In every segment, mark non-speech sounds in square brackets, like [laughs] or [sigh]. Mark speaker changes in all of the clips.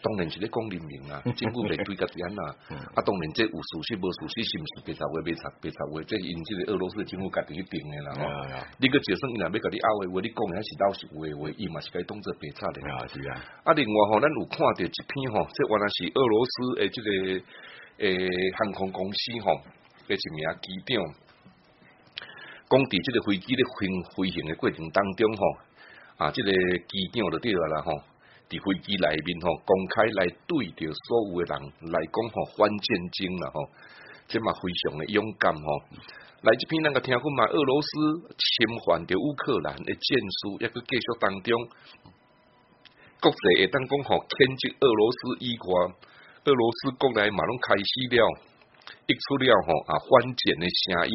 Speaker 1: 當然是咧講人民啊，政府未推個安啊、 [laughs] 嗯，啊，當然即有事實無事實，是毋是？白賊話、白賊、白賊話，即因即個俄羅斯政府家己去定嘅啦吼、嗯喔。你佫就算伊若要甲你拗嘅話，你講還是老實話話伊嘛，是甲伊當做白賊的。啊，是、嗯、啊。啊，另外吼、喔，咱有看着一篇吼、喔，即原來是俄羅斯誒、這個，即個誒航空公司吼、喔，誒一名機長，講佇即個飛機咧飛飛行嘅過程當中吼、喔，啊，即、這個機長就對啦啦吼。喺飛機內面吼、哦、公開來對住所有嘅人來講吼反戰爭啦吼，即嘛、哦、非常嘅勇敢嗬、哦。嚟這篇，咱甲聽講嘛，俄羅斯侵犯着烏克蘭嘅戰事，抑擱繼續當中，國際會當講吼譴責俄羅斯以外，俄羅斯國內嘛攏開始了一出了吼、哦、啊，反戰嘅聲音，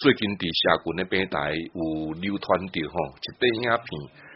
Speaker 1: 最近佇社群嘅平台有流傳着吼一啲影片。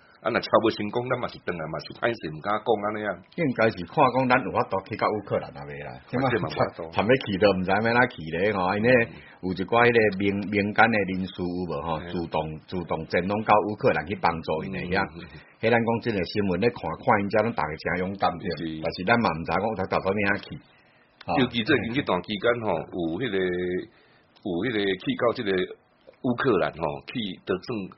Speaker 1: 啊！那不冇成功，咱嘛是轉來，嘛，是啱時毋敢講安尼。應該是看講咱有法度去
Speaker 2: 到烏家烏克蘭來啊？你啊，即係問得多，尋咩期都毋知要怎去咧。吼，因為有一寡迄個民民間誒人士無吼，主動主動整弄到烏克蘭去幫助佢哋樣。喺咱講即個新聞咧，看看因遮攏逐個誠勇敢着是，但是咱嘛毋知講我睇到咗咩啊期。尤其最近
Speaker 1: 呢段期間吼、哦，有迄、那個有迄個去到即個烏克蘭吼，去到政。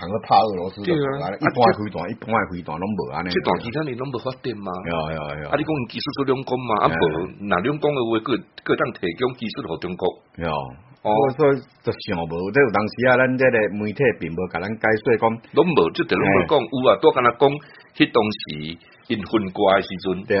Speaker 2: 含個怕俄羅斯啊，對啊，一般會
Speaker 1: 斷，一般會斷，攏無啊。這段其他你攏無發展嘛？有有有。啊，你講技術做兩公嘛？啊，無，那兩公嘅話，佢佢能提供技術給中國。有。哦，所以
Speaker 2: 就想無，即個當時啊，咱即個媒體並無甲咱解說講，
Speaker 1: 攏無即條攏無講，有啊，拄甲咱講，迄當時因昏割的時陣。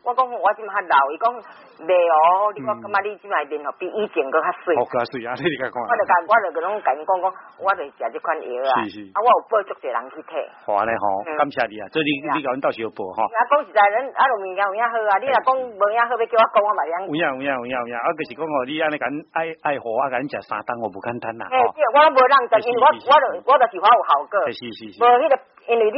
Speaker 3: 我講我真蠻老，伊講袂哦，我感覺你
Speaker 4: 即賣變吼比以前佫較水，較水
Speaker 5: 啊！你你
Speaker 3: 看，我著個我著個攏甲因講講，我著食即款藥啊，是是，啊，我
Speaker 5: 有報足儕人去睇。哦、安尼吼、嗯，感謝你，你啊，所以你你講你到時候報吼。啊，講
Speaker 3: 實在人啊，路物
Speaker 5: 件有影好啊，啊你若講無影好，欲叫我講我袂用。無影有影、啊、有影、啊、有影、啊啊，啊，著、就是講吼你安尼甲咁愛愛喝啊，咁食三頓，我無簡單吞誒，即我無
Speaker 3: 讓，因為我我著我著是話有好個，無那個，因為你。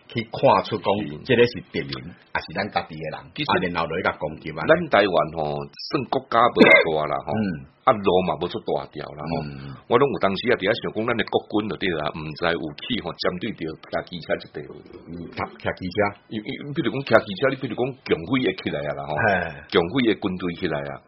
Speaker 2: 去
Speaker 1: 看出講，即個是敵人，也是
Speaker 2: 咱家己嘅人，啊連鬧女都攻擊
Speaker 1: 啊。咱台灣吼，算國家無大過啦、， [laughs] 嗯啊、啦，嗯、在們吼，壓羅嘛冇咗大條啦，嗬。我攏有當時啊，佇遐想講，咱哋國軍着對啦，毋知有器吼針對着騎機車即個，搭騎機車，比如講騎機車，你比如講強飛會的起來啦，嗬，強飛嘅軍隊起來啊。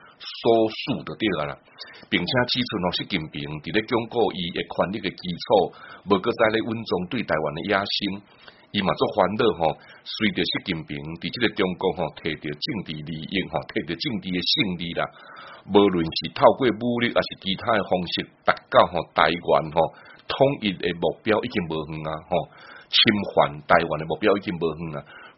Speaker 1: 所述就對了啦，並且指出哦，習近平佇咧鞏固伊嘅權力嘅基礎，無擱在咧穩重對台灣嘅野心，伊嘛做歡樂吼、哦。隨着習近平佇即個中國吼、哦，摕著政治利益吼，摕著政治嘅勝利啦，無論是透過武力還是其他嘅方式達到吼台灣吼、哦、統一嘅目標已經無遠啊吼，侵犯台灣嘅目標已經無遠啊。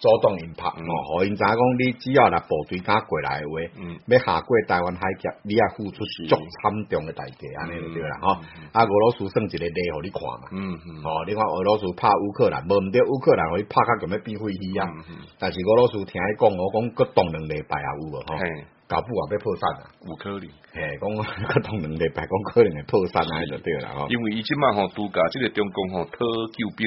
Speaker 2: 主動人拍，吼、哦，因知影講你只要嚟部隊敢過來的話嗯，要下過台灣海峽，你要付出足慘重嘅代價，尼、嗯、就對啦？吼、嗯啊嗯。啊，俄羅斯算一個例，互你看嘛，吼、嗯嗯哦，你看俄羅斯拍烏克蘭，無毋得烏克蘭，互伊拍卡咁要避諱去啊。但是俄羅斯聽伊講，我講個凍兩禮拜啊有，哈、嗯，搞不完要破產啊，有可能係講個凍兩禮拜，講、欸、可能會破產，就對啦。因
Speaker 1: 為伊即嘛，嗬、哦，都搞，即個中共吼，討、哦、救兵。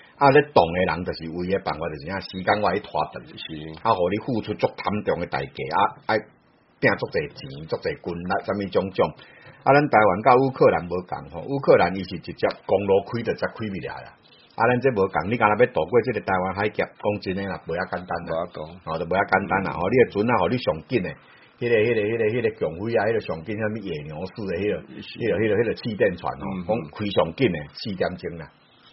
Speaker 2: 啊！你懂嘅人就是為咗辦法，就時間我去拖是,是、嗯、啊，互你付出足慘重誒代價啊！愛拼足濟錢，足濟軍啦，啥物種種。啊，咱台灣甲烏克蘭無共吼，烏克蘭伊是直接公路開著，則開唔來啦。啊，咱即無共，你敢若要渡過即個台灣海峽，講真誒啦，唔係簡單啦。唔係講，吼，著唔係簡單啦。吼、mm，呢、你、誒船啊，互你上緊誒迄個迄個迄個迄個強威啊，迄個上緊咩野牛式嘅，呢個迄個迄個迄個氣墊船吼，講開上緊誒四點鐘啦。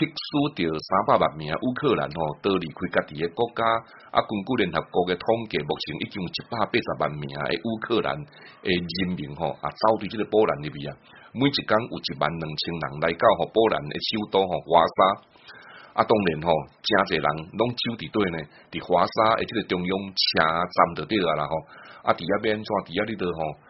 Speaker 1: 必須着三百萬名烏克蘭吼、哦，都離開家己嘅國家，啊，根據聯合國嘅統計，目前已經有一百八十萬名嘅烏克蘭嘅人民吼，啊，走對這個波蘭入邊啊，每一工有一萬兩千人來到吼波蘭首都吼華沙，啊，當然吼真儕人攏住佇對呢，佇華沙誒，個中央車站啊，啊，佇佇吼。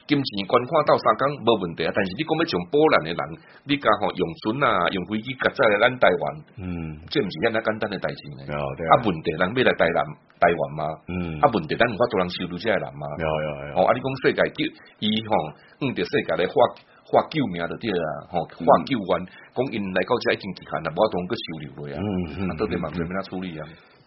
Speaker 1: 金錢觀跨到三更冇問題啊，但是你講要從波蘭嘅人，你甲吼用船啊，用飛機，甲載系咱台灣，嗯，即毋是赫簡單嘅代志嚟。啊，問題人要來台南台灣嘛？嗯，啊問題咱無法度通收住遮嘅人嘛？有有有。哦，你講世界救，伊吼，嗯，條、嗯嗯嗯嗯啊、世界嚟喝喝救命着啲啊，吼，喝救援，講因嚟到即係緊急情無法度通佢收留落啊。嗯嗯。到底俾埋要安怎處理啊。嗯嗯嗯嗯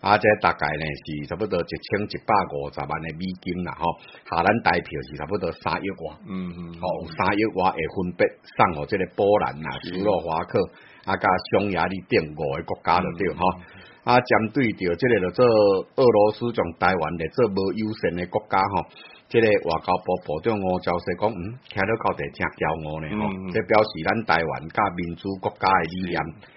Speaker 2: 啊，即大概呢是差不多一千一百五十萬嘅美金啦，吼、哦，下咱大票是差不多三億外，嗯
Speaker 4: 嗯，
Speaker 2: 嗯，嗯，嗯、哦，吓，三億外誒，分別送互即個波蘭啦、斯洛伐克、啊、甲匈牙利等五個國家度，對，吼、嗯嗯，嗯嗯嗯嗯嗯、啊，針對着即個叫做俄羅斯從台灣嘅做冇優勝嘅國家，吼、哦，即、這個外交部部長吳釗燮講，嗯，到聽到到底正驕傲呢，吼、哦，即、嗯嗯嗯嗯嗯、表示咱台灣甲民主國家嘅理念。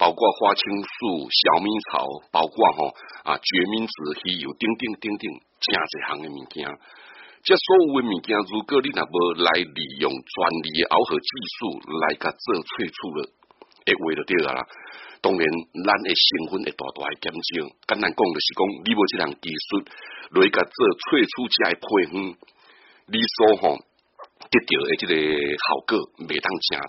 Speaker 1: 包括花青素、小米草，包括吼、哦、啊決明子、西柚，等等等等，真儕項嘅物件。即所有物件，如果你若無來利用專利嘅熬合技術來甲做萃取了，一句話就對啦。當然，咱嘅成分會大大嘅減少。簡單講著是講，你無即項技術來甲做萃取只個配方，你所吼得到誒即個效果未通真儕。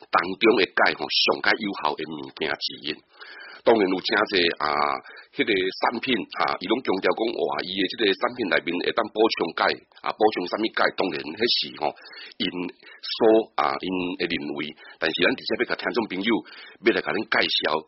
Speaker 1: 當中嘅鈣吼，上較有效嘅物件之一，當然有誠儕啊，迄、那個產品哈，伊攏強調講哇伊嘅即個產品內面會當補充鈣啊，補充啥物鈣，當然迄時吼，因說啊，因會認為，但是咱直接要甲聽眾朋友，要來甲恁介紹。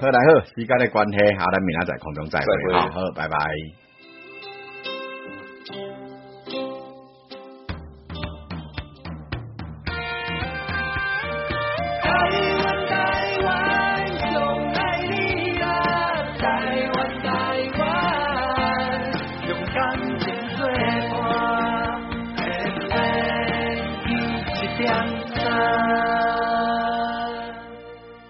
Speaker 1: 好啦
Speaker 2: 好，時間嘅關係，好啦，明晚在空中再會，好好，拜拜。